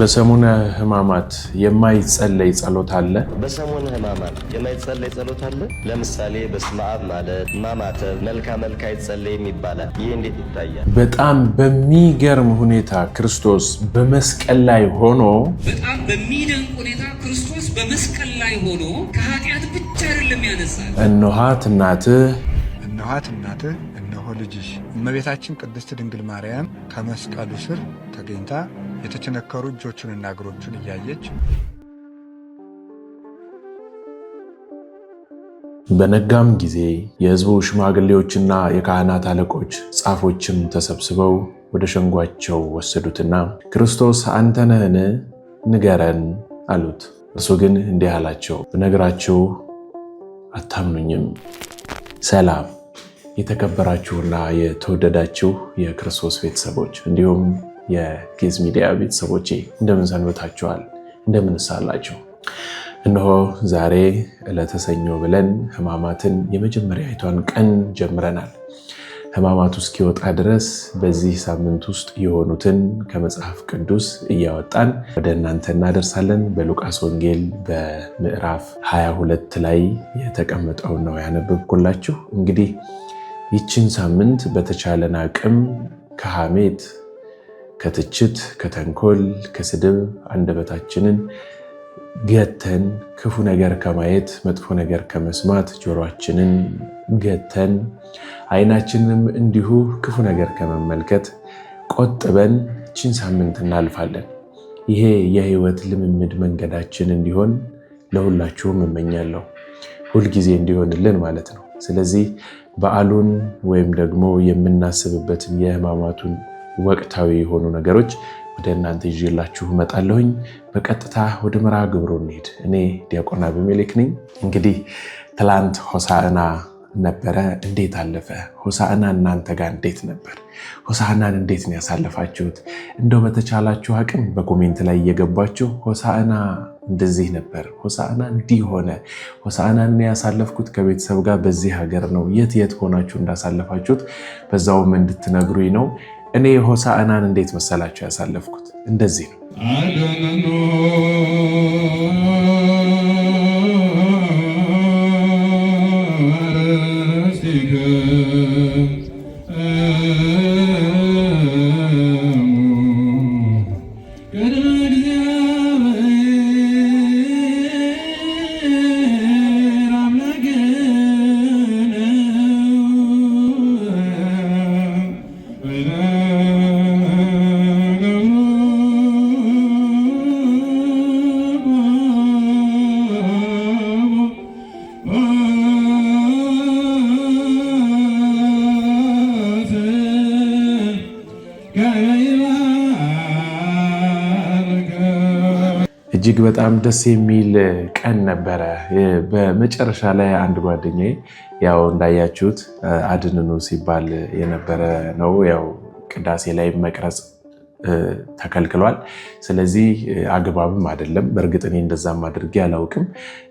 በሰሙነ ሕማማት የማይጸለይ ጸሎት አለ። በሰሙነ ሕማማት የማይጸለይ ጸሎት አለ። ለምሳሌ በስመ አብ ማለት ማማተብ፣ መልካ መልካ አይጸለይም ይባላል። ይህ እንዴት ይታያል? በጣም በሚገርም ሁኔታ ክርስቶስ በመስቀል ላይ ሆኖ በጣም በሚደንቅ ሁኔታ ክርስቶስ በመስቀል ላይ ሆኖ ከኃጢአት ብቻ አይደለም ያነሳል። እነኋት እናትህ እነኋት እናትህ ልጅሽ እመቤታችን ቅድስት ድንግል ማርያም ከመስቀሉ ስር ተገኝታ የተቸነከሩ እጆቹንና እግሮቹን እያየች በነጋም ጊዜ የሕዝቡ ሽማግሌዎችና የካህናት አለቆች ጻፎችም ተሰብስበው ወደ ሸንጓቸው ወሰዱትና ክርስቶስ አንተ ነህን? ንገረን አሉት። እርሱ ግን እንዲህ አላቸው፣ ብነግራችሁ አታምኑኝም። ሰላም የተከበራችሁና የተወደዳችሁ የክርስቶስ ቤተሰቦች እንዲሁም የጌዝ ሚዲያ ቤተሰቦች እንደምን ሰንብታችኋል? እንደምንሳላችሁ። እነሆ ዛሬ ዕለተ ሰኞ ብለን ሕማማትን የመጀመሪያዊቷን ቀን ጀምረናል። ሕማማቱ እስኪወጣ ድረስ በዚህ ሳምንት ውስጥ የሆኑትን ከመጽሐፍ ቅዱስ እያወጣን ወደ እናንተ እናደርሳለን። በሉቃስ ወንጌል በምዕራፍ 22 ላይ የተቀመጠውን ነው ያነበብኩላችሁ እንግዲህ ይችን ሳምንት በተቻለን አቅም ከሐሜት፣ ከትችት፣ ከተንኮል፣ ከስድብ አንደበታችንን ገተን ክፉ ነገር ከማየት መጥፎ ነገር ከመስማት ጆሮችንን ገተን አይናችንም እንዲሁ ክፉ ነገር ከመመልከት ቆጥበን ይችን ሳምንት እናልፋለን። ይሄ የህይወት ልምምድ መንገዳችን እንዲሆን ለሁላችሁም እመኛለሁ፣ ሁልጊዜ እንዲሆንልን ማለት ነው። ስለዚህ በዓሉን ወይም ደግሞ የምናስብበትን የህማማቱን ወቅታዊ የሆኑ ነገሮች ወደ እናንተ ይዤላችሁ እመጣለሁኝ። በቀጥታ ወደ ምራ ግብሩ እንሄድ። እኔ ዲያቆን አቢሜሌክ ነኝ። እንግዲህ ትላንት ሆሳዕና ነበረ? እንዴት አለፈ? ሆሳዕና እናንተ ጋር እንዴት ነበር? ሆሳዕናን እንዴት ነው ያሳለፋችሁት? እንደው በተቻላችሁ አቅም በኮሜንት ላይ እየገባችሁ ሆሳዕና እንደዚህ ነበር፣ ሆሳዕና እንዲህ ሆነ፣ ሆሳዕናን ያሳለፍኩት ከቤተሰብ ጋር በዚህ ሀገር ነው፣ የት የት ሆናችሁ እንዳሳለፋችሁት በዛውም እንድትነግሩኝ ነው። እኔ ሆሳዕናን እንዴት መሰላችሁ ያሳለፍኩት? እንደዚህ ነው። በጣም ደስ የሚል ቀን ነበረ። በመጨረሻ ላይ አንድ ጓደኛዬ ያው እንዳያችሁት አድንኑ ሲባል የነበረ ነው። ያው ቅዳሴ ላይ መቅረጽ ተከልክሏል። ስለዚህ አግባብም አይደለም። በእርግጥ እኔ እንደዛም አድርጌ አላውቅም፣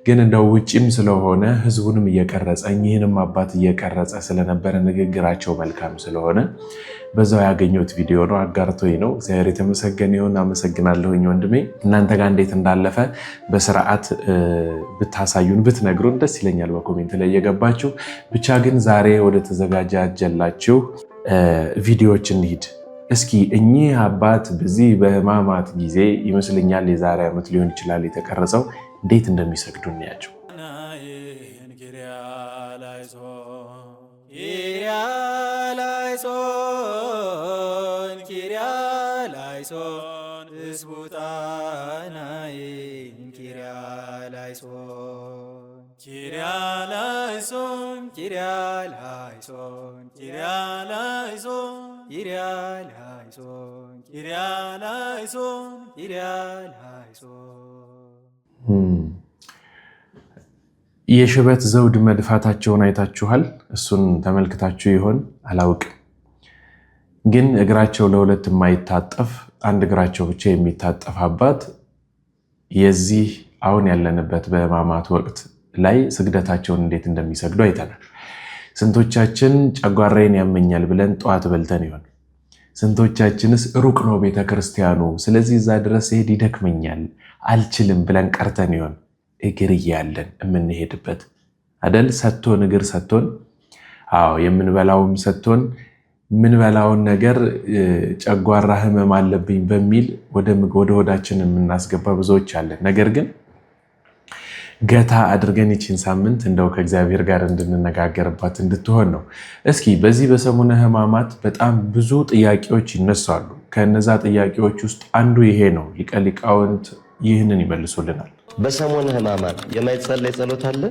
ግን እንደ ውጭም ስለሆነ ህዝቡንም እየቀረጸ እኚህንም አባት እየቀረጸ ስለነበረ ንግግራቸው መልካም ስለሆነ በዛው ያገኘሁት ቪዲዮ ነው፣ አጋርቶኝ ነው። እግዚአብሔር የተመሰገነ ይሁን። አመሰግናለሁኝ ወንድሜ። እናንተ ጋር እንዴት እንዳለፈ በስርዓት ብታሳዩን ብትነግሩን ደስ ይለኛል፣ በኮሜንት ላይ እየገባችሁ ብቻ። ግን ዛሬ ወደ ተዘጋጃጀላችሁ ቪዲዮዎች እንሂድ። እስኪ እኚህ አባት በዚህ በህማማት ጊዜ ይመስለኛል የዛሬ ዓመት ሊሆን ይችላል የተቀረጸው፣ እንዴት እንደሚሰግዱ እንያቸው። ኪርያላይሶን ላይሶን ኪሪያ ላይሶን ኪሪያ ላይሶን። የሽበት ዘውድ መድፋታቸውን አይታችኋል? እሱን ተመልክታችሁ ይሆን አላውቅም። ግን እግራቸው ለሁለት የማይታጠፍ አንድ እግራቸው ብቻ የሚታጠፍ አባት የዚህ አሁን ያለንበት በሕማማት ወቅት ላይ ስግደታቸውን እንዴት እንደሚሰግዱ አይተናል። ስንቶቻችን ጨጓራዬን ያመኛል ብለን ጠዋት በልተን ይሆን ስንቶቻችንስ ሩቅ ነው ቤተ ክርስቲያኑ፣ ስለዚህ እዛ ድረስ ሄድ ይደክመኛል አልችልም ብለን ቀርተን ይሆን እግር እያለን የምንሄድበት አደል? ሰጥቶን እግር ሰጥቶን፣ አዎ የምንበላውም ሰጥቶን የምንበላውን ነገር ጨጓራ ህመም አለብኝ በሚል ወደ ሆዳችን የምናስገባ ብዙዎች አለን። ነገር ግን ገታ አድርገን ይችን ሳምንት እንደው ከእግዚአብሔር ጋር እንድንነጋገርባት እንድትሆን ነው። እስኪ በዚህ በሰሙነ ሕማማት በጣም ብዙ ጥያቄዎች ይነሳሉ። ከነዛ ጥያቄዎች ውስጥ አንዱ ይሄ ነው። ሊቀ ሊቃውንት ይህንን ይመልሱልናል። በሰሙነ ሕማማት የማይጸለይ ጸሎት አለ።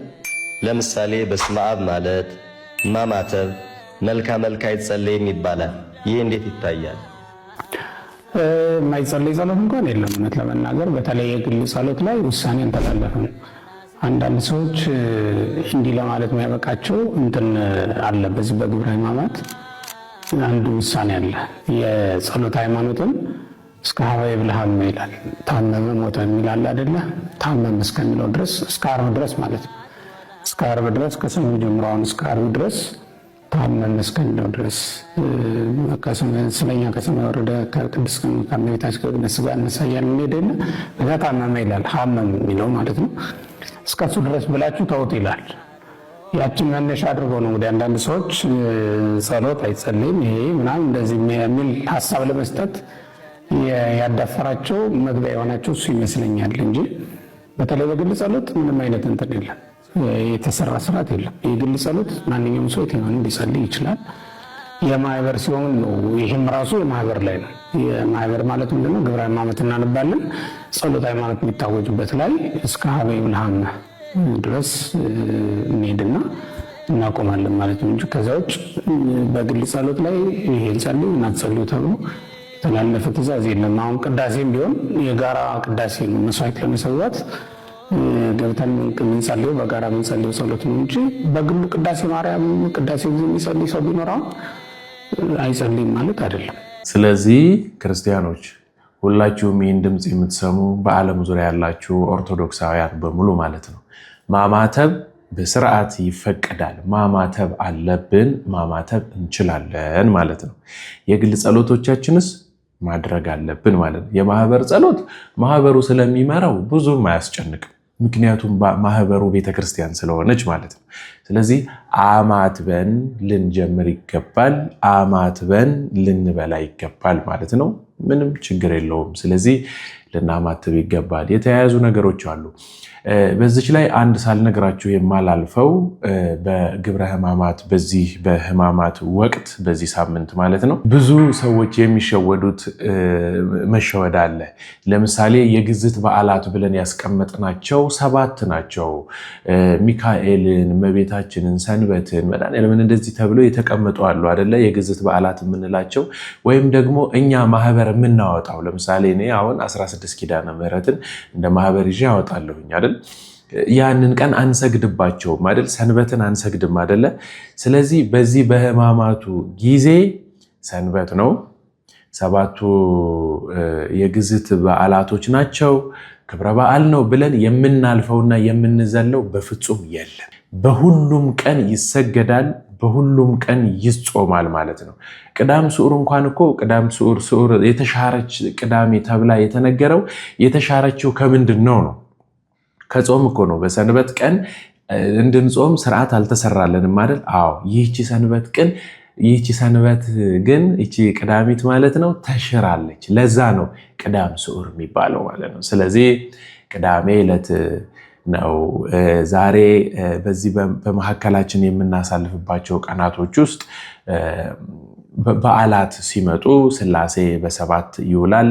ለምሳሌ በስመ አብ ማለት ማማተብ፣ መልካ መልካ አይጸለይም ይባላል። ይህ እንዴት ይታያል? የማይጸለይ ጸሎት እንኳን የለም። እውነት ለመናገር በተለይ የግል ጸሎት ላይ ውሳኔ ነው። አንዳንድ ሰዎች እንዲህ ለማለት የሚያበቃቸው እንትን አለ። በዚህ በግብረ ሕማማት አንዱ ውሳኔ አለ። የጸሎት ሃይማኖትን እስከ ሀበይ ብልሃም ይላል። ታመመ ሞተ የሚላል አደለ? ታመመ እስከሚለው ድረስ እስከ አርብ ድረስ ማለት ነው። እስከ አርብ ድረስ ከሰኞ ጀምሮ አሁን እስከ አርብ ድረስ ታመመ እስከሚለው ድረስ ስለኛ ከሰማይ ወረደ ከቅድስት ከእመቤታችን ከግነት ስጋ እነሳያል ሄደለ እዛ ታመመ ይላል። ሀመም የሚለው ማለት ነው እስከሱ ድረስ ብላችሁ ተውት ይላል። ያችን መነሻ አድርጎ ነው እንግዲህ አንዳንድ ሰዎች ጸሎት አይጸልይም ይሄ ምናምን እንደዚህ የሚል ሀሳብ ለመስጠት ያዳፈራቸው መግቢያ የሆናቸው እሱ ይመስለኛል እንጂ በተለይ በግል ጸሎት ምንም አይነት እንትን የለም፣ የተሰራ ስርዓት የለም። የግል ጸሎት ማንኛውም ሰው የትኛውን ሊጸልይ ይችላል። የማህበር ሲሆን ነው። ይህም ራሱ የማህበር ላይ ነው። የማህበር ማለት ምንድነው? ግብረ ሕማማት እናነባለን። ጸሎት ሃይማኖት የሚታወጅበት ላይ እስከ ሀበ ይብልሃም ድረስ እንሄድና እናቆማለን ማለት ነው እንጂ ከዛ ውጭ በግል ጸሎት ላይ ይሄን ጸልዩ እናትጸልዩ ተብሎ የተላለፈ ትእዛዝ የለም። አሁን ቅዳሴም ቢሆን የጋራ ቅዳሴ ነው። መስዋዕት ለመሰዋት ገብተን የምንጸልየው በጋራ የምንጸልየው ጸሎት ነው እንጂ በግሉ ቅዳሴ ማርያም ቅዳሴ ጊዜ የሚጸልይ ሰው ቢኖር አሁን አይጸልይም ማለት አይደለም። ስለዚህ ክርስቲያኖች ሁላችሁም ይህን ድምፅ የምትሰሙ በዓለም ዙሪያ ያላችሁ ኦርቶዶክሳውያን በሙሉ ማለት ነው ማማተብ በስርዓት ይፈቀዳል። ማማተብ አለብን፣ ማማተብ እንችላለን ማለት ነው። የግል ጸሎቶቻችንስ ማድረግ አለብን ማለት ነው። የማህበር ጸሎት ማህበሩ ስለሚመራው ብዙም አያስጨንቅም። ምክንያቱም ማህበሩ ቤተክርስቲያን ስለሆነች ማለት ነው። ስለዚህ አማትበን ልንጀምር ይገባል፣ አማትበን ልንበላ ይገባል ማለት ነው። ምንም ችግር የለውም። ስለዚህ ልናማትብ ይገባል። የተያያዙ ነገሮች አሉ። በዚች ላይ አንድ ሳልነግራችሁ የማላልፈው በግብረ ሕማማት በዚህ በሕማማት ወቅት በዚህ ሳምንት ማለት ነው ብዙ ሰዎች የሚሸወዱት መሸወድ አለ። ለምሳሌ የግዝት በዓላት ብለን ያስቀመጥናቸው ሰባት ናቸው። ሚካኤልን፣ እመቤታችንን፣ ሰንበትን፣ መድኃኒዓለምን እንደዚህ ተብሎ የተቀመጡ አሉ አደለ የግዝት በዓላት የምንላቸው ወይም ደግሞ እኛ ማህበር የምናወጣው ለምሳሌ እኔ አሁን ቅድስት ኪዳነ ምሕረትን እንደ ማህበር ይዤ ያወጣለሁኝ አይደል? ያንን ቀን አንሰግድባቸውም አይደል? ሰንበትን አንሰግድም አይደለ? ስለዚህ በዚህ በህማማቱ ጊዜ ሰንበት ነው። ሰባቱ የግዝት በዓላቶች ናቸው፣ ክብረ በዓል ነው ብለን የምናልፈውና የምንዘለው በፍጹም የለም። በሁሉም ቀን ይሰገዳል። በሁሉም ቀን ይጾማል ማለት ነው። ቅዳም ስዑር እንኳን እኮ ቅዳም ስዑር ስዑር የተሻረች ቅዳሜ ተብላ የተነገረው የተሻረችው ከምንድን ነው ነው? ከጾም እኮ ነው። በሰንበት ቀን እንድንጾም ስርዓት አልተሰራለንም ማለት አዎ ይህቺ ሰንበት ቀን ይህቺ ሰንበት ግን ይቺ ቅዳሚት ማለት ነው ተሽራለች። ለዛ ነው ቅዳም ስዑር የሚባለው ማለት ነው። ስለዚህ ቅዳሜ ዕለት ነው። ዛሬ በዚህ በመካከላችን የምናሳልፍባቸው ቀናቶች ውስጥ በዓላት ሲመጡ ስላሴ በሰባት ይውላል።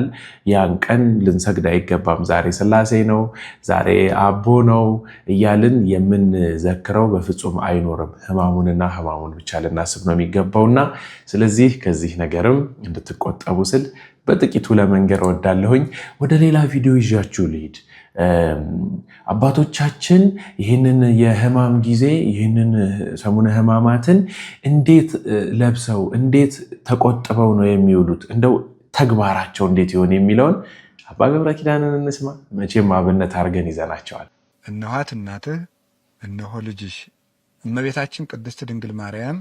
ያን ቀን ልንሰግድ አይገባም። ዛሬ ስላሴ ነው፣ ዛሬ አቦ ነው እያልን የምንዘክረው በፍጹም አይኖርም። ህማሙንና ህማሙን ብቻ ልናስብ ነው የሚገባውና ስለዚህ ከዚህ ነገርም እንድትቆጠቡ ስል በጥቂቱ ለመንገር ወዳለሁኝ ወደ ሌላ ቪዲዮ ይዣችሁ ልሂድ። አባቶቻችን ይህንን የህማም ጊዜ ይህንን ሰሙነ ህማማትን እንዴት ለብሰው እንዴት ተቆጥበው ነው የሚውሉት? እንደው ተግባራቸው እንዴት ይሆን የሚለውን አባ ገብረ ኪዳንን እንስማ። መቼም አብነት አድርገን ይዘናቸዋል። እነኋት እናትህ እነሆ ልጅሽ እመቤታችን ቅድስት ድንግል ማርያም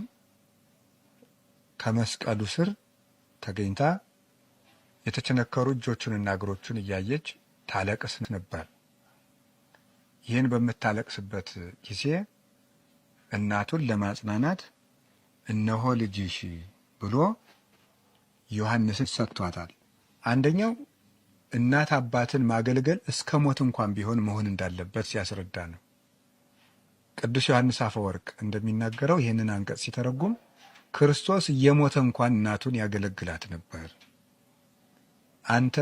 ከመስቀሉ ስር ተገኝታ የተቸነከሩ እጆቹንና እግሮቹን እያየች ታለቅስ ነበር። ይህን በምታለቅስበት ጊዜ እናቱን ለማጽናናት እነሆ ልጅሽ ብሎ ዮሐንስን ሰጥቷታል። አንደኛው እናት አባትን ማገልገል እስከ ሞት እንኳን ቢሆን መሆን እንዳለበት ሲያስረዳ ነው። ቅዱስ ዮሐንስ አፈወርቅ እንደሚናገረው ይህንን አንቀጽ ሲተረጉም ክርስቶስ እየሞተ እንኳን እናቱን ያገለግላት ነበር። አንተ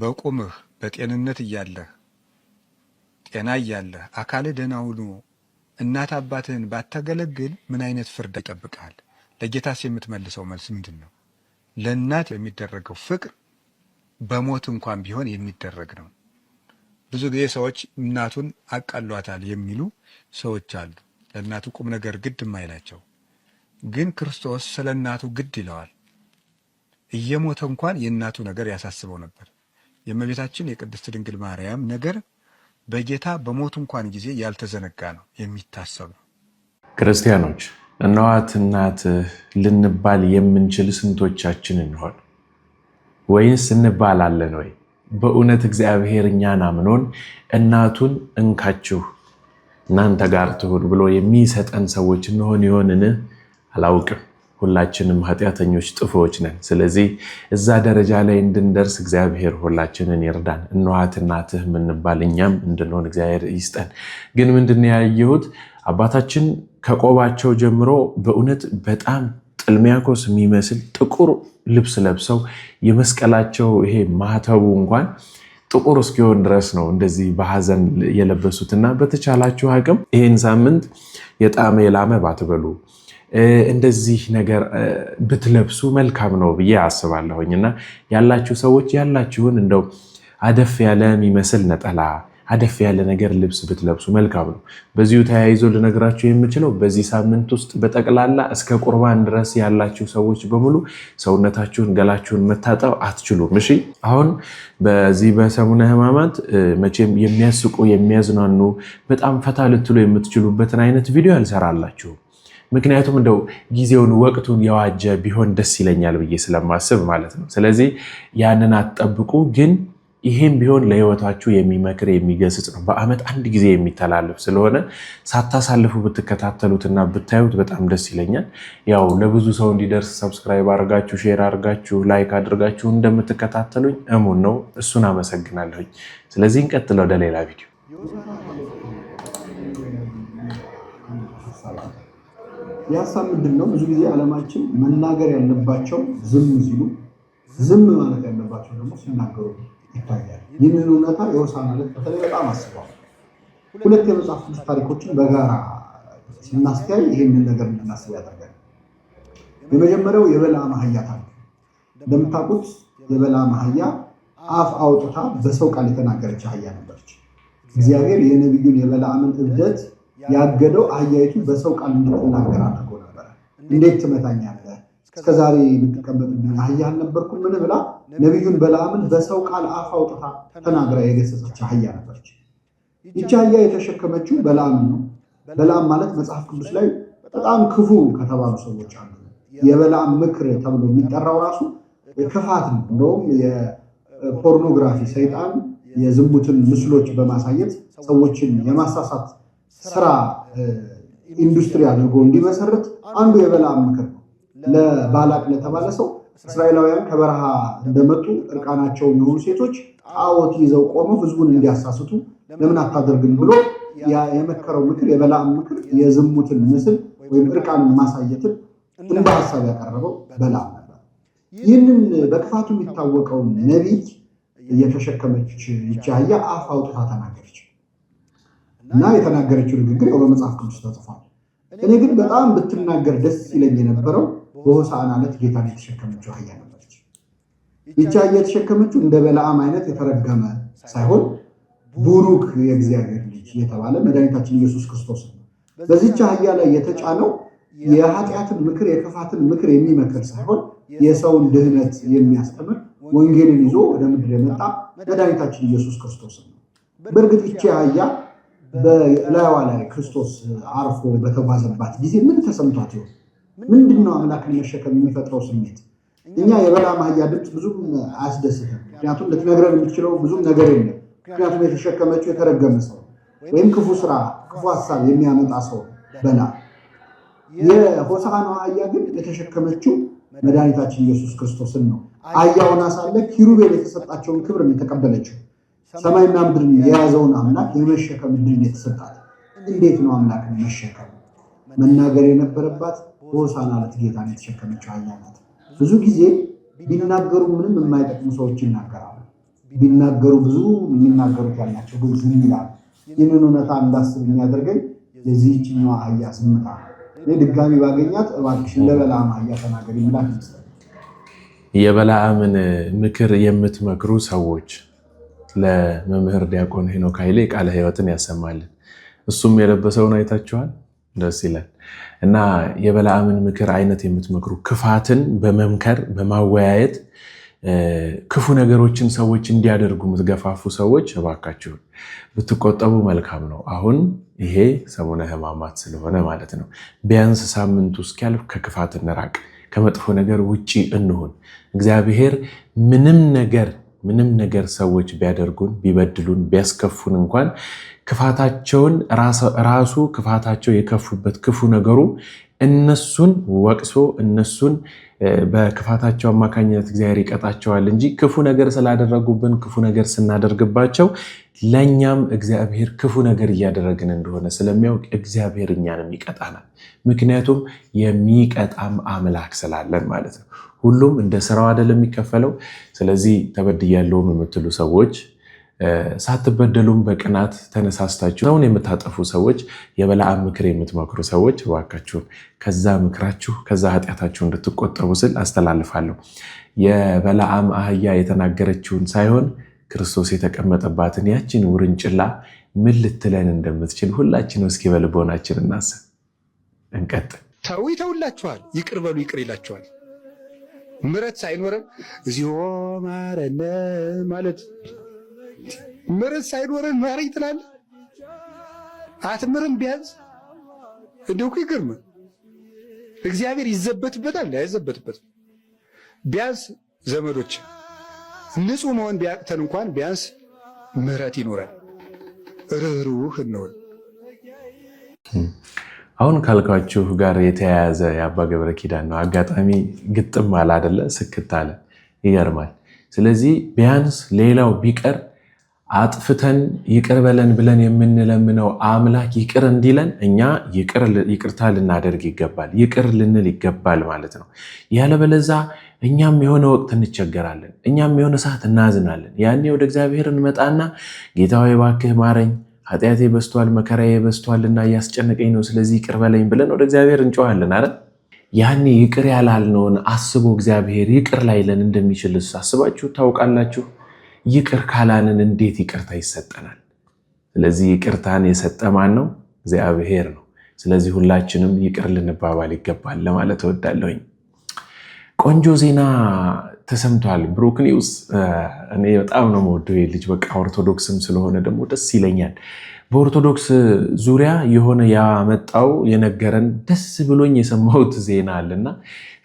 በቁምህ በጤንነት እያለህ ጤና እያለህ አካልህ ደህና ሆኖ እናት አባትህን ባታገለግል ምን አይነት ፍርድ ይጠብቃል? ለጌታስ የምትመልሰው መልስ ምንድን ነው? ለእናት የሚደረገው ፍቅር በሞት እንኳን ቢሆን የሚደረግ ነው። ብዙ ጊዜ ሰዎች እናቱን አቃሏታል የሚሉ ሰዎች አሉ። ለእናቱ ቁም ነገር ግድ የማይላቸው ግን ክርስቶስ ስለ እናቱ ግድ ይለዋል። እየሞተ እንኳን የእናቱ ነገር ያሳስበው ነበር። የእመቤታችን የቅድስት ድንግል ማርያም ነገር በጌታ በሞት እንኳን ጊዜ ያልተዘነጋ ነው፣ የሚታሰብ ነው። ክርስቲያኖች እነዋት እናትህ ልንባል የምንችል ስንቶቻችን እንሆን? ወይንስ እንባላለን ወይ? በእውነት እግዚአብሔር እኛን አምኖን እናቱን እንካችሁ እናንተ ጋር ትሁን ብሎ የሚሰጠን ሰዎች እንሆን ይሆንን? አላውቅም። ሁላችንም ኃጢአተኞች ጥፎዎች ነን። ስለዚህ እዛ ደረጃ ላይ እንድንደርስ እግዚአብሔር ሁላችንን ይርዳን። እንዋት እናትህ የምንባል እኛም እንድንሆን እግዚአብሔር ይስጠን። ግን ምንድን ያየሁት አባታችን ከቆባቸው ጀምሮ በእውነት በጣም ጥልሚያኮስ የሚመስል ጥቁር ልብስ ለብሰው የመስቀላቸው ይሄ ማህተቡ እንኳን ጥቁር እስኪሆን ድረስ ነው እንደዚህ በሐዘን የለበሱት እና በተቻላችሁ አቅም ይህን ሳምንት የጣመ የላመ ባትበሉ እንደዚህ ነገር ብትለብሱ መልካም ነው ብዬ አስባለሁኝ እና ያላችሁ ሰዎች ያላችሁን እንደው አደፍ ያለ የሚመስል ነጠላ አደፍ ያለ ነገር ልብስ ብትለብሱ መልካም ነው። በዚሁ ተያይዞ ልነግራችሁ የምችለው በዚህ ሳምንት ውስጥ በጠቅላላ እስከ ቁርባን ድረስ ያላችሁ ሰዎች በሙሉ ሰውነታችሁን፣ ገላችሁን መታጠብ አትችሉም። እሺ፣ አሁን በዚህ በሰሙነ ሕማማት መቼም የሚያስቁ የሚያዝናኑ በጣም ፈታ ልትሉ የምትችሉበትን አይነት ቪዲዮ አልሰራላችሁም። ምክንያቱም እንደው ጊዜውን ወቅቱን የዋጀ ቢሆን ደስ ይለኛል ብዬ ስለማስብ ማለት ነው። ስለዚህ ያንን አትጠብቁ፣ ግን ይሄም ቢሆን ለህይወታችሁ የሚመክር የሚገስጽ ነው። በአመት አንድ ጊዜ የሚተላለፍ ስለሆነ ሳታሳልፉ ብትከታተሉትና ብታዩት በጣም ደስ ይለኛል። ያው ለብዙ ሰው እንዲደርስ ሰብስክራይብ አድርጋችሁ፣ ሼር አድርጋችሁ፣ ላይክ አድርጋችሁ እንደምትከታተሉኝ እሙን ነው። እሱን አመሰግናለሁኝ። ስለዚህ እንቀጥለው ወደ ሌላ ቪዲዮ የሀሳብ ምንድን ነው? ብዙ ጊዜ ዓለማችን መናገር ያለባቸው ዝም ሲሉ፣ ዝም ማለት ያለባቸው ደግሞ ሲናገሩ ይታያል። ይህንን እውነታ የወሳ ዕለት በተለይ በጣም አስበዋል። ሁለት የመጽሐፍ ቅዱስ ታሪኮችን በጋራ ስናስተያይ ይህንን ነገር እንድናስብ ያደርጋል። የመጀመሪያው የበላ ማህያ ታሪክ እንደምታውቁት የበላ ማህያ አፍ አውጥታ በሰው ቃል የተናገረች አህያ ነበረች። እግዚአብሔር የነቢዩን የበላምን እብደት ያገደው አህያይቱ በሰው ቃል እንድትናገር አድርጎ ነበረ። እንዴት ትመታኛለህ? እስከዛሬ የምትቀመጥብኝ አህያ አልነበርኩም? ምን ብላ ነቢዩን በላምን በሰው ቃል አፍ አውጥታ ተናግራ የገሰጸች አህያ ነበረች። ይቺ አህያ የተሸከመችው በላምን ነው። በላም ማለት መጽሐፍ ቅዱስ ላይ በጣም ክፉ ከተባሉ ሰዎች አሉ። የበላም ምክር ተብሎ የሚጠራው ራሱ ክፋት ነው። እንደውም የፖርኖግራፊ ሰይጣን የዝሙትን ምስሎች በማሳየት ሰዎችን የማሳሳት ስራ ኢንዱስትሪ አድርጎ እንዲመሰርት አንዱ የበላ ምክር ነው። ለባላቅ ለተባለ ሰው እስራኤላውያን ከበረሃ እንደመጡ እርቃናቸውን የሆኑ ሴቶች ጣዖት ይዘው ቆመው ህዝቡን እንዲያሳስቱ ለምን አታደርግም ብሎ የመከረው ምክር የበለዓም ምክር የዝሙትን ምስል ወይም እርቃን ማሳየትን እንደ ሀሳብ ያቀረበው በለዓም ነበር። ይህንን በክፋቱ የሚታወቀውን ነቢይ እየተሸከመች ይቻያ አፍ አውጥታ ተናገረች። እና የተናገረችው ንግግር ያው በመጽሐፍ ቅዱስ ተጽፏል። እኔ ግን በጣም ብትናገር ደስ ይለኝ የነበረው በሆሳዕና ዕለት ጌታን የተሸከመችው አህያ ነበረች። ይቺ አህያ የተሸከመችው እንደ በለዓም አይነት የተረገመ ሳይሆን ቡሩክ የእግዚአብሔር ልጅ የተባለ መድኃኒታችን ኢየሱስ ክርስቶስ ነው። በዚች አህያ ላይ የተጫነው የኃጢአትን ምክር፣ የክፋትን ምክር የሚመክር ሳይሆን የሰውን ድህነት የሚያስተምር ወንጌልን ይዞ ወደ ምድር የመጣ መድኃኒታችን ኢየሱስ ክርስቶስ ነው። በእርግጥ ይቺ አህያ በላይዋ ላይ ክርስቶስ አርፎ በተጓዘባት ጊዜ ምን ተሰምቷት ይሆን? ምንድን ነው አምላክን መሸከም የሚፈጥረው ስሜት? እኛ የበላ አህያ ድምፅ ብዙም አያስደስትም። ምክንያቱም ልትነግረን የምትችለው ብዙም ነገር የለም። ምክንያቱም የተሸከመችው የተረገመ ሰው ወይም ክፉ ስራ፣ ክፉ ሀሳብ የሚያመጣ ሰው በላ። የሆሳዕናዋ አህያ ግን የተሸከመችው መድኃኒታችን ኢየሱስ ክርስቶስን ነው። አህያውን አሳለ ኪሩቤል የተሰጣቸውን ክብር ነው የተቀበለችው። ሰማይና ምድርን የያዘውን አምላክ የመሸከም እድል የተሰጣት እንዴት ነው አምላክን መሸከም መናገር የነበረባት በሆሳዕና ዕለት ጌታን የተሸከመችው አህያ ናት። ብዙ ጊዜ ቢናገሩ ምንም የማይጠቅሙ ሰዎች ይናገራሉ። ቢናገሩ ብዙ የሚናገሩት ያላቸው ግን ዝም ይላሉ። ይህንን እውነታ እንዳስብ የሚያደርገኝ የዚህችኛዋ አህያ ዝምታ እኔ ድጋሚ ባገኛት እባክሽን ለበላም አህያ ተናገር ይምላት ይመስላል። የበለዓምን ምክር የምትመክሩ ሰዎች ለመምህር ዲያቆን ሄኖክ ኃይሌ ቃለ ሕይወትን ያሰማልን። እሱም የለበሰውን አይታችኋል፣ ደስ ይላል። እና የበላአምን ምክር አይነት የምትመክሩ ክፋትን በመምከር በማወያየት ክፉ ነገሮችን ሰዎች እንዲያደርጉ የምትገፋፉ ሰዎች እባካችሁን ብትቆጠቡ መልካም ነው። አሁን ይሄ ሰሙነ ሕማማት ስለሆነ ማለት ነው። ቢያንስ ሳምንቱ እስኪያልፍ ከክፋት እንራቅ፣ ከመጥፎ ነገር ውጪ እንሁን። እግዚአብሔር ምንም ነገር ምንም ነገር ሰዎች ቢያደርጉን ቢበድሉን ቢያስከፉን እንኳን ክፋታቸውን ራሱ ክፋታቸው የከፉበት ክፉ ነገሩ እነሱን ወቅሶ እነሱን በክፋታቸው አማካኝነት እግዚአብሔር ይቀጣቸዋል እንጂ ክፉ ነገር ስላደረጉብን ክፉ ነገር ስናደርግባቸው ለእኛም እግዚአብሔር ክፉ ነገር እያደረግን እንደሆነ ስለሚያውቅ እግዚአብሔር እኛንም ይቀጣናል። ምክንያቱም የሚቀጣም አምላክ ስላለን ማለት ነው። ሁሉም እንደ ስራው አይደለም የሚከፈለው። ስለዚህ ተበድያለሁም የምትሉ ሰዎች ሳትበደሉም በቅናት ተነሳስታችሁ ሰውን የምታጠፉ ሰዎች፣ የበለዓም ምክር የምትመክሩ ሰዎች እባካችሁን ከዛ ምክራችሁ ከዛ ኃጢአታችሁ እንድትቆጠቡ ስል አስተላልፋለሁ። የበለዓም አህያ የተናገረችውን ሳይሆን ክርስቶስ የተቀመጠባትን ያችን ውርንጭላ ምን ልትለን እንደምትችል ሁላችን እስኪ በልቦናችን እናስብ። እንቀጥል። ተው ይተውላችኋል፣ ይቅር በሉ ይቅር ይላችኋል። ምረት ሳይኖርም እዚሆ ማረነ ማለት መሬት ሳይኖረን ማሪ ትላለህ። አትምርም ቢያንስ እንደው እኮ ይገርማል። እግዚአብሔር ይዘበትበታል አይዘበትበትም። ቢያንስ ዘመዶች ንጹህ መሆን ቢያቅተን እንኳን ቢያንስ ምሕረት ይኖራል ርህሩህ እንሆን። አሁን ካልኳችሁ ጋር የተያያዘ የአባ ገብረ ኪዳን ነው። አጋጣሚ ግጥም አለ አደለ? ስክት አለ። ይገርማል። ስለዚህ ቢያንስ ሌላው ቢቀር አጥፍተን ይቅር በለን ብለን የምንለምነው አምላክ ይቅር እንዲለን እኛ ይቅርታ ልናደርግ ይገባል፣ ይቅር ልንል ይገባል ማለት ነው። ያለበለዛ እኛም የሆነ ወቅት እንቸገራለን፣ እኛም የሆነ ሰዓት እናዝናለን። ያኔ ወደ እግዚአብሔር እንመጣና ጌታ ሆይ እባክህ ማረኝ፣ ኃጢአቴ በስቷል መከራዬ በዝቷልና እያስጨነቀኝ ነው፣ ስለዚህ ይቅር በለኝ ብለን ወደ እግዚአብሔር እንጮሃለን አይደል? ያኔ ይቅር ያላልነውን አስቦ እግዚአብሔር ይቅር ላይለን እንደሚችል አስባችሁ ታውቃላችሁ? ይቅር ካላንን እንዴት ይቅርታ ይሰጠናል? ስለዚህ ይቅርታን የሰጠ ማን ነው? እግዚአብሔር ነው። ስለዚህ ሁላችንም ይቅር ልንባባል ይገባል ለማለት እወዳለሁኝ። ቆንጆ ዜና ተሰምቷል። ብሩክ ኒውስ እኔ በጣም ነው መወደው ልጅ በቃ ኦርቶዶክስም ስለሆነ ደግሞ ደስ ይለኛል። በኦርቶዶክስ ዙሪያ የሆነ ያመጣው የነገረን ደስ ብሎኝ የሰማሁት ዜና አለና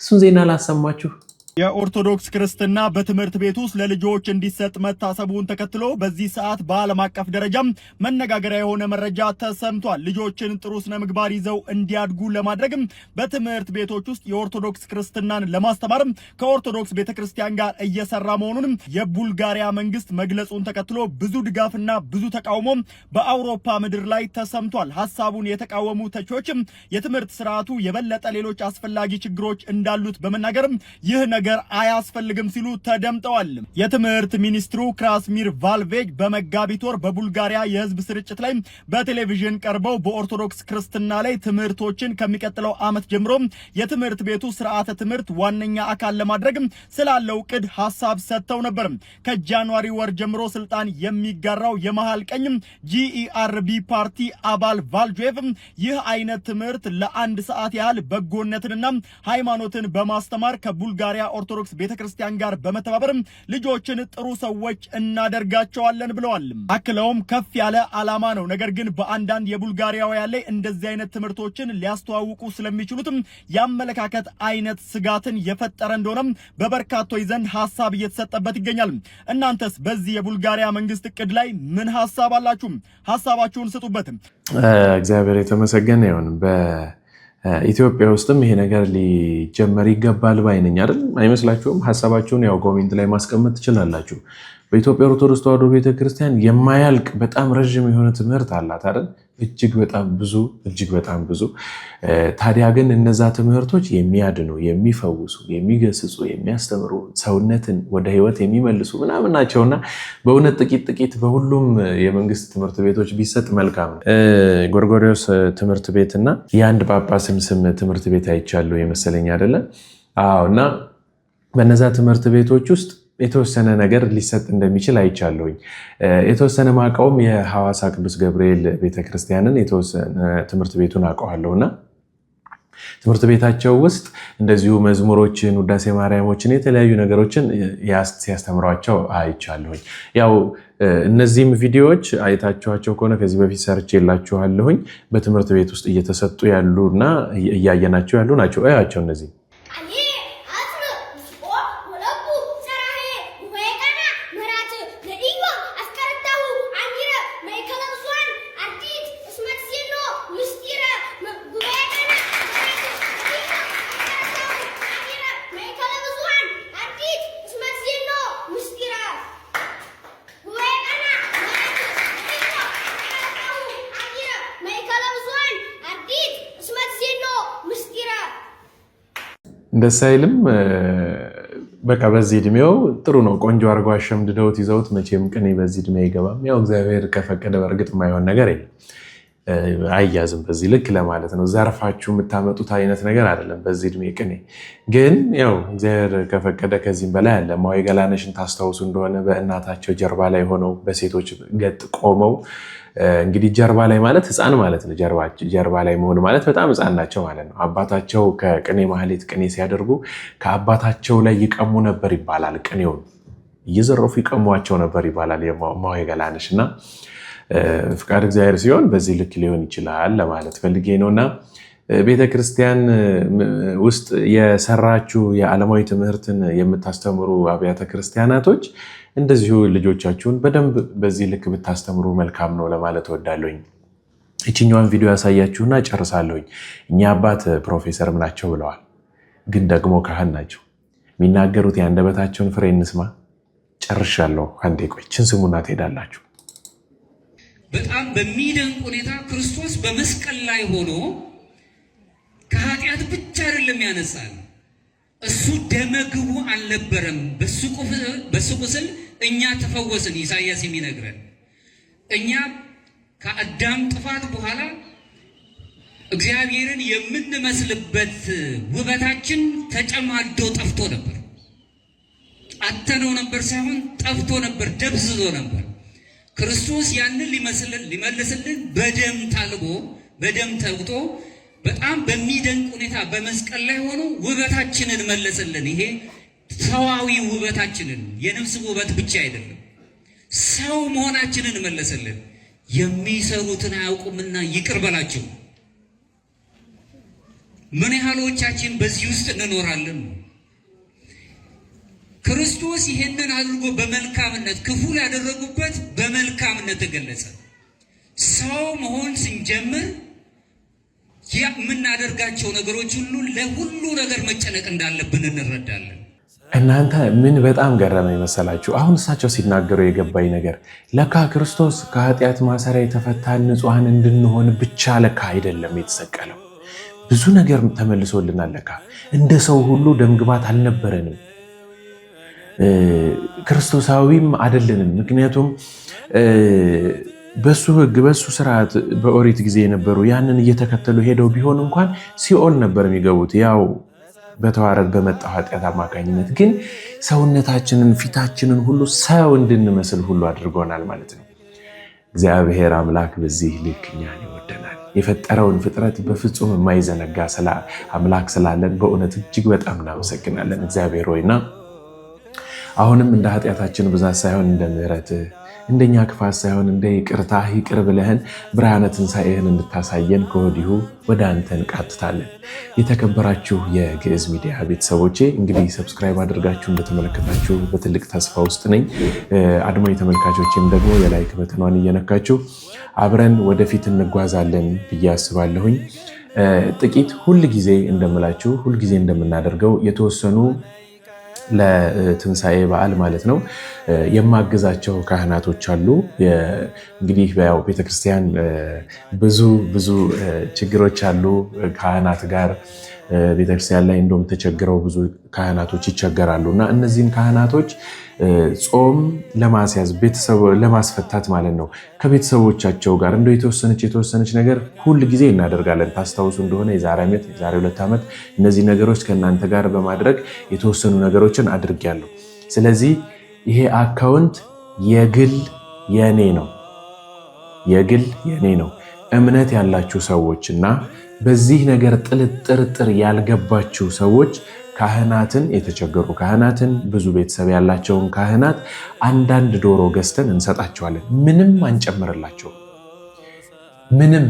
እሱን ዜና ላሰማችሁ። የኦርቶዶክስ ክርስትና በትምህርት ቤት ውስጥ ለልጆች እንዲሰጥ መታሰቡን ተከትሎ በዚህ ሰዓት በዓለም አቀፍ ደረጃም መነጋገሪያ የሆነ መረጃ ተሰምቷል። ልጆችን ጥሩ ስነ ምግባር ይዘው እንዲያድጉ ለማድረግም በትምህርት ቤቶች ውስጥ የኦርቶዶክስ ክርስትናን ለማስተማርም ከኦርቶዶክስ ቤተ ክርስቲያን ጋር እየሰራ መሆኑንም የቡልጋሪያ መንግስት መግለጹን ተከትሎ ብዙ ድጋፍና ብዙ ተቃውሞ በአውሮፓ ምድር ላይ ተሰምቷል። ሀሳቡን የተቃወሙ ተቺዎችም የትምህርት ስርዓቱ የበለጠ ሌሎች አስፈላጊ ችግሮች እንዳሉት በመናገርም ይህ ነገር ነገር አያስፈልግም ሲሉ ተደምጠዋል። የትምህርት ሚኒስትሩ ክራስሚር ቫልቬጅ በመጋቢት ወር በቡልጋሪያ የህዝብ ስርጭት ላይ በቴሌቪዥን ቀርበው በኦርቶዶክስ ክርስትና ላይ ትምህርቶችን ከሚቀጥለው ዓመት ጀምሮ የትምህርት ቤቱ ስርዓተ ትምህርት ዋነኛ አካል ለማድረግ ስላለው ቅድ ሀሳብ ሰጥተው ነበር። ከጃንዋሪ ወር ጀምሮ ስልጣን የሚጋራው የመሃል ቀኝ ጂኢአርቢ ፓርቲ አባል ቫልጆቭ ይህ አይነት ትምህርት ለአንድ ሰዓት ያህል በጎነትንና ሃይማኖትን በማስተማር ከቡልጋሪያ ኦርቶዶክስ ቤተክርስቲያን ጋር በመተባበርም ልጆችን ጥሩ ሰዎች እናደርጋቸዋለን ብለዋል። አክለውም ከፍ ያለ ዓላማ ነው። ነገር ግን በአንዳንድ የቡልጋሪያውያን ላይ እንደዚህ አይነት ትምህርቶችን ሊያስተዋውቁ ስለሚችሉትም የአመለካከት አይነት ስጋትን የፈጠረ እንደሆነም በበርካቶች ዘንድ ሀሳብ እየተሰጠበት ይገኛል። እናንተስ በዚህ የቡልጋሪያ መንግስት እቅድ ላይ ምን ሀሳብ አላችሁ ሀሳባችሁን ስጡበት። እግዚአብሔር የተመሰገነ ይሁን። ኢትዮጵያ ውስጥም ይሄ ነገር ሊጀመር ይገባል ባይነኝ አይደል? አይመስላችሁም? ሀሳባችሁን ያው ኮሜንት ላይ ማስቀመጥ ትችላላችሁ። በኢትዮጵያ ኦርቶዶክስ ተዋሕዶ ቤተክርስቲያን የማያልቅ በጣም ረዥም የሆነ ትምህርት አላት አይደል? እጅግ በጣም ብዙ እጅግ በጣም ብዙ። ታዲያ ግን እነዛ ትምህርቶች የሚያድኑ የሚፈውሱ፣ የሚገስጹ፣ የሚያስተምሩ ሰውነትን ወደ ህይወት የሚመልሱ ምናምን ናቸውና በእውነት ጥቂት ጥቂት በሁሉም የመንግስት ትምህርት ቤቶች ቢሰጥ መልካም ነው። ጎርጎሪዎስ ትምህርት ቤትና የአንድ ጳጳስም ስም ትምህርት ቤት አይቻለሁ የመሰለኝ አይደለም? አዎ። እና በነዛ ትምህርት ቤቶች ውስጥ የተወሰነ ነገር ሊሰጥ እንደሚችል አይቻለሁኝ። የተወሰነ ማቃውም የሐዋሳ ቅዱስ ገብርኤል ቤተክርስቲያንን የተወሰነ ትምህርት ቤቱን አውቀዋለሁና ትምህርት ቤታቸው ውስጥ እንደዚሁ መዝሙሮችን፣ ውዳሴ ማርያሞችን፣ የተለያዩ ነገሮችን ሲያስተምሯቸው አይቻለሁኝ። ያው እነዚህም ቪዲዮዎች አይታችኋቸው ከሆነ ከዚህ በፊት ሰርች የላችኋለሁኝ በትምህርት ቤት ውስጥ እየተሰጡ ያሉ እና እያየናቸው ያሉ ናቸው። እያቸው እነዚህ ደስ አይልም። በቃ በዚህ እድሜው ጥሩ ነው። ቆንጆ አድርጎ አሸምድደውት ይዘውት መቼም ቅኔ በዚህ እድሜ አይገባም። ያው እግዚአብሔር ከፈቀደ በእርግጥ የማይሆን ነገር የለም። አያዝም በዚህ ልክ ለማለት ነው። ዘርፋችሁ የምታመጡት አይነት ነገር አይደለም። በዚህ እድሜ ቅኔ ግን ያው እግዚአብሔር ከፈቀደ ከዚህም በላይ አለ። እማሆይ ገላነሽን ታስታውሱ እንደሆነ በእናታቸው ጀርባ ላይ ሆነው በሴቶች ገጥ ቆመው እንግዲህ ጀርባ ላይ ማለት ህፃን ማለት ነው። ጀርባ ላይ መሆን ማለት በጣም ህፃን ናቸው ማለት ነው። አባታቸው ከቅኔ ማህሌት ቅኔ ሲያደርጉ ከአባታቸው ላይ ይቀሙ ነበር ይባላል። ቅኔውን እየዘረፉ ይቀሟቸው ነበር ይባላል። እማሆይ ገላነሽ እና ፍቃድ እግዚአብሔር ሲሆን በዚህ ልክ ሊሆን ይችላል ለማለት ፈልጌ ነው እና ቤተ ክርስቲያን ውስጥ የሰራችሁ የዓለማዊ ትምህርትን የምታስተምሩ አብያተ ክርስቲያናቶች እንደዚሁ ልጆቻችሁን በደንብ በዚህ ልክ ብታስተምሩ መልካም ነው ለማለት ወዳለኝ ይችኛዋን ቪዲዮ ያሳያችሁና ጨርሳለሁኝ። እኛ አባት ፕሮፌሰርም ናቸው ብለዋል፣ ግን ደግሞ ካህን ናቸው። የሚናገሩት የአንደበታቸውን ፍሬ እንስማ። ጨርሻለሁ። አንዴ ስሙና ትሄዳላችሁ። በጣም በሚደንቅ ሁኔታ ክርስቶስ በመስቀል ላይ ሆኖ ከኃጢአት ብቻ አይደለም ያነጻል። እሱ ደመግቡ አልነበረም። በሱ ቁስል እኛ ተፈወስን። ኢሳያስ የሚነግረን እኛ ከአዳም ጥፋት በኋላ እግዚአብሔርን የምንመስልበት ውበታችን ተጨማዶ ጠፍቶ ነበር። አተነው ነበር ሳይሆን ጠፍቶ ነበር፣ ደብዝዞ ነበር። ክርስቶስ ያንን ሊመልስልን በደም ታልቦ በደም ተውጦ በጣም በሚደንቅ ሁኔታ በመስቀል ላይ ሆኖ ውበታችንን መለሰልን። ይሄ ሰዋዊ ውበታችንን የነፍስ ውበት ብቻ አይደለም፣ ሰው መሆናችንን መለሰልን። የሚሰሩትን አያውቁምና ይቅር በላቸው። ምን ያህሎቻችን በዚህ ውስጥ እንኖራለን? ክርስቶስ ይህንን አድርጎ በመልካምነት ክፉ ያደረጉበት በመልካምነት ተገለጸ። ሰው መሆን ስንጀምር የምናደርጋቸው ነገሮች ሁሉ ለሁሉ ነገር መጨነቅ እንዳለብን እንረዳለን። እናንተ ምን በጣም ገረመ መሰላችሁ? አሁን እሳቸው ሲናገሩ የገባኝ ነገር ለካ ክርስቶስ ከኃጢአት ማሰሪያ የተፈታን ንጹሐን እንድንሆን ብቻ ለካ አይደለም የተሰቀለው። ብዙ ነገር ተመልሶልናል። ለካ እንደ ሰው ሁሉ ደምግባት አልነበረንም። ክርስቶሳዊም አይደለንም። ምክንያቱም በሱ ህግ በሱ ስርዓት በኦሪት ጊዜ የነበሩ ያንን እየተከተሉ ሄደው ቢሆን እንኳን ሲኦል ነበር የሚገቡት ያው በተዋረድ በመጣ ኃጢአት አማካኝነት ግን ሰውነታችንን ፊታችንን ሁሉ ሰው እንድንመስል ሁሉ አድርጎናል ማለት ነው። እግዚአብሔር አምላክ በዚህ ልክ እኛን ይወደናል። የፈጠረውን ፍጥረት በፍጹም የማይዘነጋ አምላክ ስላለን በእውነት እጅግ በጣም እናመሰግናለን እግዚአብሔር ሆይና አሁንም እንደ ኃጢአታችን ብዛት ሳይሆን እንደ ምሕረትህ እንደኛ ክፋት ሳይሆን እንደ ይቅርታህ ይቅር ብለህን ብርሃነ ትንሣኤህን እንድታሳየን ከወዲሁ ወደ አንተ እንቃትታለን። የተከበራችሁ የግዕዝ ሚዲያ ቤተሰቦቼ እንግዲህ ሰብስክራይብ አድርጋችሁ እንደተመለከታችሁ በትልቅ ተስፋ ውስጥ ነኝ። አድማዊ ተመልካቾችም ደግሞ የላይክ በትኗን እየነካችሁ አብረን ወደፊት እንጓዛለን ብዬ አስባለሁኝ። ጥቂት ሁል ጊዜ እንደምላችሁ ሁል ጊዜ እንደምናደርገው የተወሰኑ ለትንሣኤ በዓል ማለት ነው የማግዛቸው ካህናቶች አሉ። እንግዲህ ያው ቤተክርስቲያን ብዙ ብዙ ችግሮች አሉ ካህናት ጋር ቤተክርስቲያን ላይ እንደውም ተቸግረው ብዙ ካህናቶች ይቸገራሉ እና እነዚህን ካህናቶች ጾም ለማስያዝ ቤተሰብ ለማስፈታት ማለት ነው ከቤተሰቦቻቸው ጋር እንደ የተወሰነች የተወሰነች ነገር ሁል ጊዜ እናደርጋለን። ታስታውሱ እንደሆነ የዛሬ ዓመት የዛሬ ሁለት ዓመት እነዚህ ነገሮች ከእናንተ ጋር በማድረግ የተወሰኑ ነገሮችን አድርጊያለሁ። ስለዚህ ይሄ አካውንት የግል የኔ ነው፣ የግል የኔ ነው። እምነት ያላችሁ እና በዚህ ነገር ጥልጥርጥር ያልገባችሁ ሰዎች ካህናትን የተቸገሩ ካህናትን ብዙ ቤተሰብ ያላቸውን ካህናት አንዳንድ ዶሮ ገዝተን እንሰጣቸዋለን። ምንም አንጨምርላቸው፣ ምንም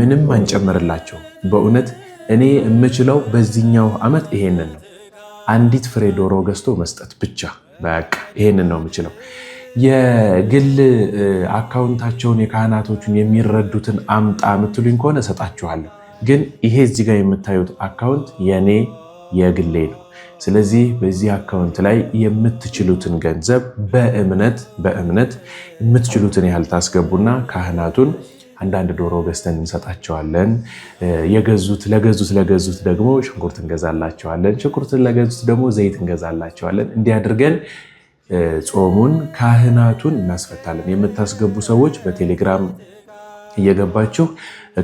ምንም አንጨምርላቸው። በእውነት እኔ የምችለው በዚህኛው ዓመት ይሄንን ነው። አንዲት ፍሬ ዶሮ ገዝቶ መስጠት ብቻ። በቃ ይሄንን ነው የምችለው። የግል አካውንታቸውን የካህናቶቹን የሚረዱትን አምጣ የምትሉኝ ከሆነ እሰጣችኋለሁ። ግን ይሄ እዚህ ጋር የምታዩት አካውንት የኔ የግሌ ነው። ስለዚህ በዚህ አካውንት ላይ የምትችሉትን ገንዘብ በእምነት በእምነት የምትችሉትን ያህል ታስገቡና ካህናቱን አንዳንድ ዶሮ ገዝተን እንሰጣቸዋለን። የገዙት ለገዙት ለገዙት ደግሞ ሽንኩርት እንገዛላቸዋለን። ሽንኩርትን ለገዙት ደግሞ ዘይት እንገዛላቸዋለን። እንዲያድርገን። ጾሙን ካህናቱን እናስፈታለን። የምታስገቡ ሰዎች በቴሌግራም እየገባችሁ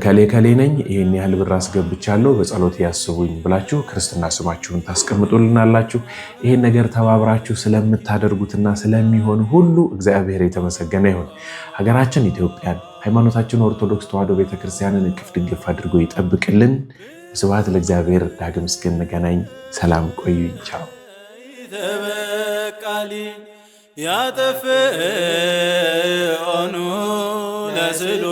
ከሌ ከሌ ነኝ ይህን ያህል ብር አስገብቻለሁ በጸሎት ያስቡኝ ብላችሁ ክርስትና ስማችሁን ታስቀምጡልናላችሁ። ይህን ነገር ተባብራችሁ ስለምታደርጉትና ስለሚሆን ሁሉ እግዚአብሔር የተመሰገነ ይሁን። ሀገራችን ኢትዮጵያን፣ ሃይማኖታችን ኦርቶዶክስ ተዋሕዶ ቤተክርስቲያንን እቅፍ ድግፍ አድርጎ ይጠብቅልን። ስብሐት ለእግዚአብሔር። ዳግም እስክንገናኝ ሰላም ቆዩ። ቻው ተሰቃሊ ያጠፍኦኑ ለስሉ